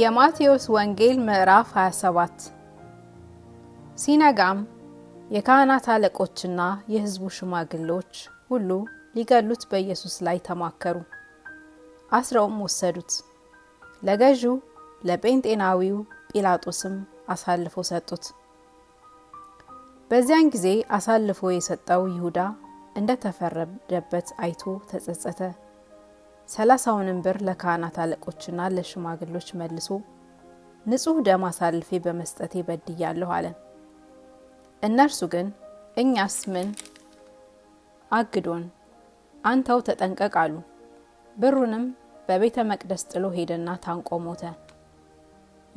የማቴዎስ ወንጌል ምዕራፍ 27 ሲነጋም የካህናት አለቆችና የሕዝቡ ሽማግሌዎች ሁሉ ሊገሉት በኢየሱስ ላይ ተማከሩ። አስረውም ወሰዱት፣ ለገዢው ለጴንጤናዊው ጲላጦስም አሳልፎ ሰጡት። በዚያን ጊዜ አሳልፎ የሰጠው ይሁዳ እንደተፈረደበት አይቶ ተጸጸተ። ሰላሳውንም ብር ለካህናት አለቆችና ለሽማግሎች መልሶ ንጹህ ደም አሳልፌ በመስጠቴ በድያለሁ አለ። እነርሱ ግን እኛስ ምን አግዶን? አንተው ተጠንቀቅ አሉ። ብሩንም በቤተ መቅደስ ጥሎ ሄደና ታንቆ ሞተ።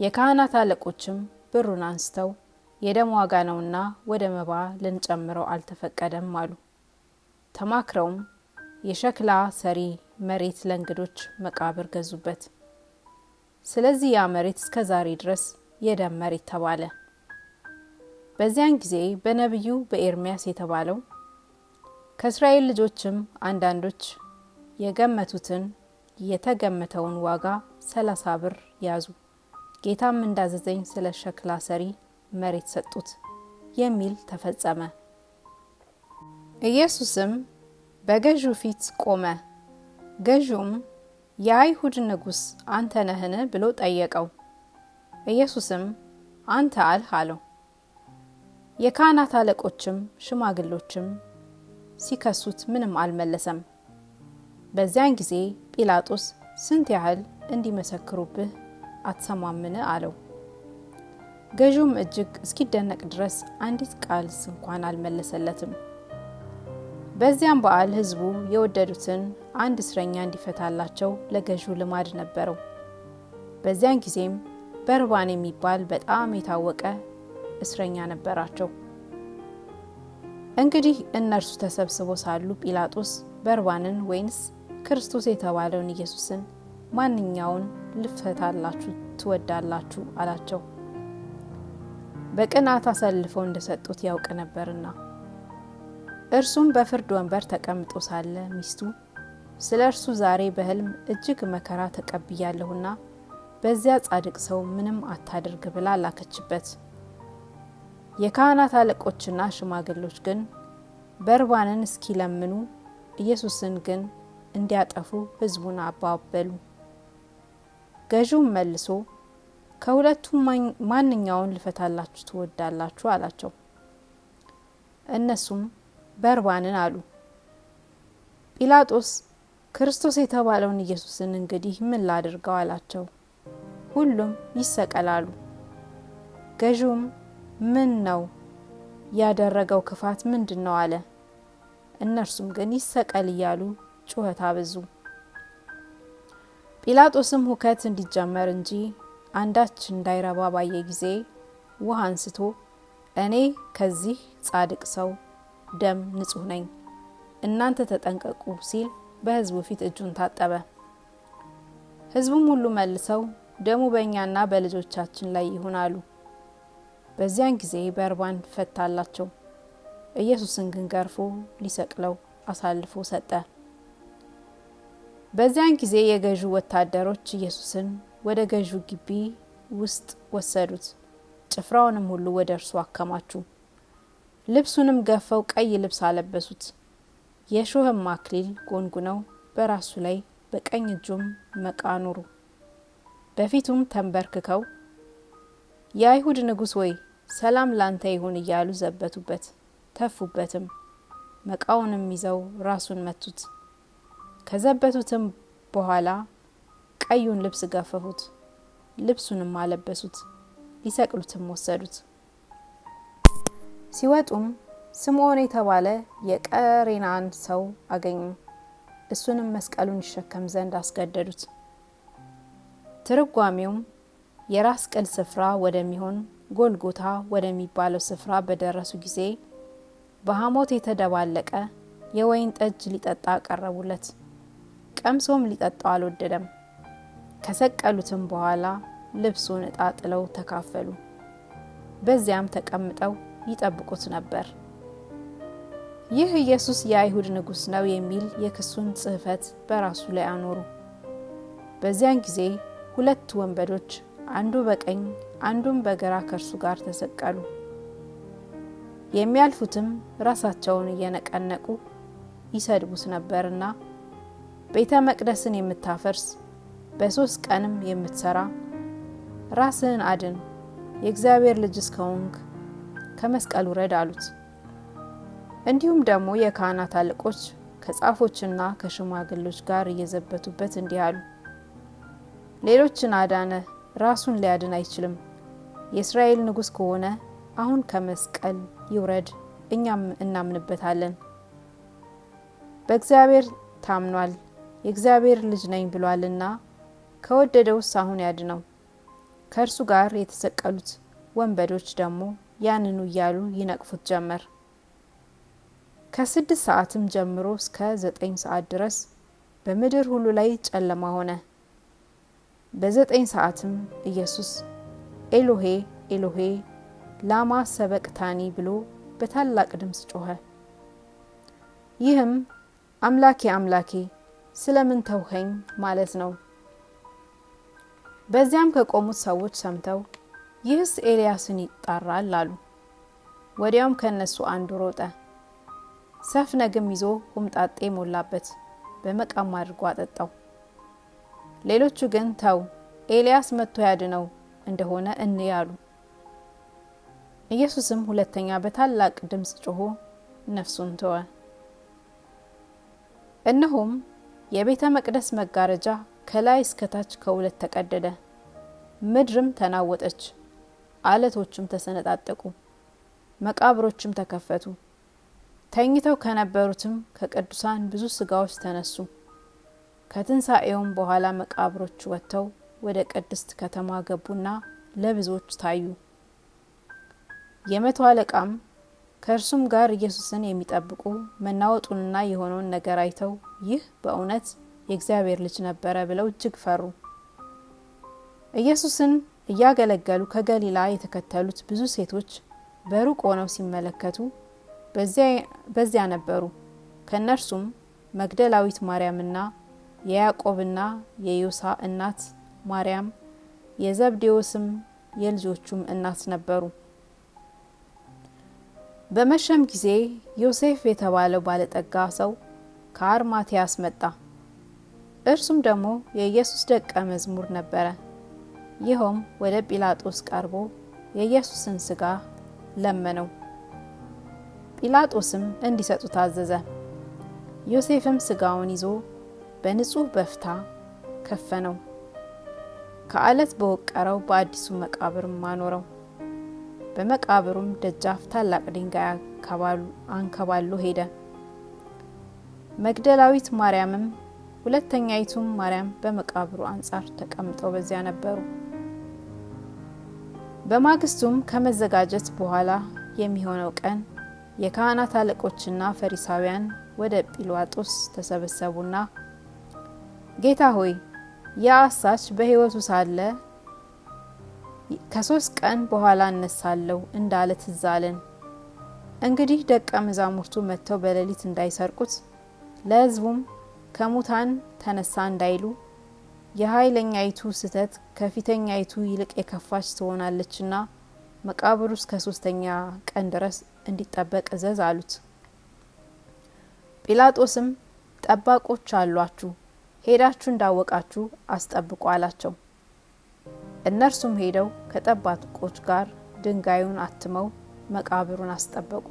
የካህናት አለቆችም ብሩን አንስተው የደም ዋጋ ነውና ወደ መባ ልንጨምረው አልተፈቀደም አሉ። ተማክረውም የሸክላ ሰሪ መሬት ለእንግዶች መቃብር ገዙበት። ስለዚህ ያ መሬት እስከ ዛሬ ድረስ የደም መሬት ተባለ። በዚያን ጊዜ በነቢዩ በኤርሚያስ የተባለው ከእስራኤል ልጆችም አንዳንዶች የገመቱትን የተገመተውን ዋጋ ሰላሳ ብር ያዙ፣ ጌታም እንዳዘዘኝ ስለ ሸክላ ሰሪ መሬት ሰጡት የሚል ተፈጸመ። ኢየሱስም በገዢው ፊት ቆመ። ገዢውም የአይሁድ ንጉሥ አንተ ነህን ብሎ ጠየቀው። ኢየሱስም አንተ አልህ አለው። የካህናት አለቆችም ሽማግሎችም ሲከሱት ምንም አልመለሰም። በዚያን ጊዜ ጲላጦስ ስንት ያህል እንዲመሰክሩብህ አትሰማምን? አለው። ገዢውም እጅግ እስኪደነቅ ድረስ አንዲት ቃል እንኳን አልመለሰለትም። በዚያም በዓል ህዝቡ የወደዱትን አንድ እስረኛ እንዲፈታላቸው ለገዢው ልማድ ነበረው። በዚያን ጊዜም በርባን የሚባል በጣም የታወቀ እስረኛ ነበራቸው። እንግዲህ እነርሱ ተሰብስበው ሳሉ ጲላጦስ በርባንን ወይንስ ክርስቶስ የተባለውን ኢየሱስን ማንኛውን ልፈታላችሁ ትወዳላችሁ? አላቸው። በቅናት አሳልፈው እንደሰጡት ያውቅ ነበርና እርሱም በፍርድ ወንበር ተቀምጦ ሳለ ሚስቱ ስለ እርሱ ዛሬ በህልም እጅግ መከራ ተቀብያለሁና በዚያ ጻድቅ ሰው ምንም አታድርግ ብላ ላከችበት። የካህናት አለቆችና ሽማግሎች ግን በርባንን እስኪለምኑ ኢየሱስን ግን እንዲያጠፉ ሕዝቡን አባበሉ። ገዢውም መልሶ ከሁለቱም ማንኛውን ልፈታላችሁ ትወዳላችሁ? አላቸው። እነሱም በርባንን አሉ። ጲላጦስ ክርስቶስ የተባለውን ኢየሱስን እንግዲህ ምን ላድርገው አላቸው። ሁሉም ይሰቀላሉ። ገዢውም ምን ነው ያደረገው ክፋት ምንድን ነው አለ። እነርሱም ግን ይሰቀል እያሉ ጩኸት አበዙ። ጲላጦስም ሁከት እንዲጀመር እንጂ አንዳች እንዳይረባ ባየ ጊዜ ውሃ አንስቶ እኔ ከዚህ ጻድቅ ሰው ደም ንጹህ ነኝ፣ እናንተ ተጠንቀቁ ሲል በሕዝቡ ፊት እጁን ታጠበ። ህዝቡም ሁሉ መልሰው ደሙ በእኛና በልጆቻችን ላይ ይሁን አሉ። በዚያን ጊዜ በርባን ፈታላቸው፣ ኢየሱስን ግን ገርፎ ሊሰቅለው አሳልፎ ሰጠ። በዚያን ጊዜ የገዢው ወታደሮች ኢየሱስን ወደ ገዢው ግቢ ውስጥ ወሰዱት፣ ጭፍራውንም ሁሉ ወደ እርሱ አከማቹ። ልብሱንም ገፈው ቀይ ልብስ አለበሱት። የሾህም አክሊል ጎንጉነው በራሱ ላይ በቀኝ እጁም መቃ ኑሩ በፊቱም ተንበርክከው የአይሁድ ንጉሥ ወይ ሰላም ላንተ ይሁን እያሉ ዘበቱበት፣ ተፉበትም። መቃውንም ይዘው ራሱን መቱት። ከዘበቱትም በኋላ ቀዩን ልብስ ገፈፉት፣ ልብሱንም አለበሱት፣ ሊሰቅሉትም ወሰዱት። ሲወጡም ስምዖን የተባለ የቀሬናን ሰው አገኙ። እሱንም መስቀሉን ይሸከም ዘንድ አስገደዱት። ትርጓሜውም የራስ ቅል ስፍራ ወደሚሆን ጎልጎታ ወደሚባለው ስፍራ በደረሱ ጊዜ በሐሞት የተደባለቀ የወይን ጠጅ ሊጠጣ አቀረቡለት። ቀምሶም ሊጠጣው አልወደደም። ከሰቀሉትም በኋላ ልብሱን ዕጣ ጥለው ተካፈሉ። በዚያም ተቀምጠው ይጠብቁት ነበር። ይህ ኢየሱስ የአይሁድ ንጉሥ ነው የሚል የክሱን ጽሕፈት በራሱ ላይ አኖሩ። በዚያን ጊዜ ሁለት ወንበዶች አንዱ በቀኝ አንዱም በግራ ከእርሱ ጋር ተሰቀሉ። የሚያልፉትም ራሳቸውን እየነቀነቁ ይሰድቡት ነበርና ቤተ መቅደስን የምታፈርስ በሦስት ቀንም የምትሠራ ራስህን አድን፣ የእግዚአብሔር ልጅ እስከሆንክ ከመስቀል ውረድ አሉት። እንዲሁም ደግሞ የካህናት አለቆች ከጻፎችና ከሽማግሎች ጋር እየዘበቱበት እንዲህ አሉ፣ ሌሎችን አዳነ፣ ራሱን ሊያድን አይችልም። የእስራኤል ንጉሥ ከሆነ አሁን ከመስቀል ይውረድ፣ እኛም እናምንበታለን። በእግዚአብሔር ታምኗል፣ የእግዚአብሔር ልጅ ነኝ ብሏልና ከወደደውስ አሁን ያድነው። ከእርሱ ጋር የተሰቀሉት ወንበዶች ደግሞ ያንኑ እያሉ ይነቅፉት ጀመር። ከስድስት ሰዓትም ጀምሮ እስከ ዘጠኝ ሰዓት ድረስ በምድር ሁሉ ላይ ጨለማ ሆነ። በዘጠኝ ሰዓትም ኢየሱስ ኤሎሄ ኤሎሄ ላማ ሰበቅታኒ ብሎ በታላቅ ድምፅ ጮኸ። ይህም አምላኬ አምላኬ ስለምን ተውኸኝ ማለት ነው። በዚያም ከቆሙት ሰዎች ሰምተው ይህስ ኤልያስን ይጣራል አሉ። ወዲያውም ከእነሱ አንዱ ሮጠ፣ ሰፍነግም ይዞ ሁምጣጤ ሞላበት፣ በመቃም አድርጎ አጠጣው። ሌሎቹ ግን ተው፣ ኤልያስ መጥቶ ያድነው እንደሆነ እንይ አሉ። ኢየሱስም ሁለተኛ በታላቅ ድምፅ ጮሆ ነፍሱን ተወ። እነሆም የቤተ መቅደስ መጋረጃ ከላይ እስከታች ከሁለት ተቀደደ፣ ምድርም ተናወጠች። አለቶችም ተሰነጣጠቁ፣ መቃብሮችም ተከፈቱ። ተኝተው ከነበሩትም ከቅዱሳን ብዙ ስጋዎች ተነሱ። ከትንሣኤውም በኋላ መቃብሮች ወጥተው ወደ ቅድስት ከተማ ገቡና ለብዙዎች ታዩ። የመቶ አለቃም ከእርሱም ጋር ኢየሱስን የሚጠብቁ መናወጡንና የሆነውን ነገር አይተው ይህ በእውነት የእግዚአብሔር ልጅ ነበረ ብለው እጅግ ፈሩ። ኢየሱስን እያገለገሉ ከገሊላ የተከተሉት ብዙ ሴቶች በሩቅ ሆነው ሲመለከቱ በዚያ ነበሩ። ከእነርሱም መግደላዊት ማርያምና የያዕቆብና የዮሳ እናት ማርያም የዘብዴዎስም የልጆቹም እናት ነበሩ። በመሸም ጊዜ ዮሴፍ የተባለው ባለጠጋ ሰው ከአርማቴያስ መጣ። እርሱም ደግሞ የኢየሱስ ደቀ መዝሙር ነበረ። ይኸውም ወደ ጲላጦስ ቀርቦ የኢየሱስን ሥጋ ለመነው። ጲላጦስም እንዲሰጡ ታዘዘ። ዮሴፍም ሥጋውን ይዞ በንጹሕ በፍታ ከፈነው፣ ከአለት በወቀረው በአዲሱ መቃብርም አኖረው። በመቃብሩም ደጃፍ ታላቅ ድንጋይ አንከባሎ ሄደ። መግደላዊት ማርያምም ሁለተኛይቱም ማርያም በመቃብሩ አንጻር ተቀምጠው በዚያ ነበሩ። በማግስቱም ከመዘጋጀት በኋላ የሚሆነው ቀን የካህናት አለቆችና ፈሪሳውያን ወደ ጲላጦስ ተሰበሰቡና ጌታ ሆይ ያ አሳች በሕይወቱ ሳለ ከሶስት ቀን በኋላ እነሳለሁ እንዳለ ትዛለን እንግዲህ ደቀ መዛሙርቱ መጥተው በሌሊት እንዳይሰርቁት፣ ለሕዝቡም ከሙታን ተነሳ እንዳይሉ የኃይለኛይቱ ስህተት ከፊተኛይቱ ይልቅ የከፋች ትሆናለችና መቃብሩ እስከ ሶስተኛ ቀን ድረስ እንዲጠበቅ እዘዝ አሉት። ጲላጦስም ጠባቆች አሏችሁ፣ ሄዳችሁ እንዳወቃችሁ አስጠብቁ አላቸው። እነርሱም ሄደው ከጠባቆች ጋር ድንጋዩን አትመው መቃብሩን አስጠበቁ።